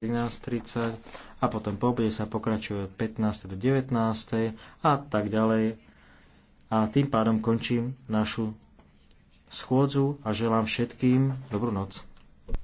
13.30 a potom po obede sa pokračuje od 15. do 19. a tak ďalej. A tým pádom končím našu schôdzu a želám všetkým dobrú noc.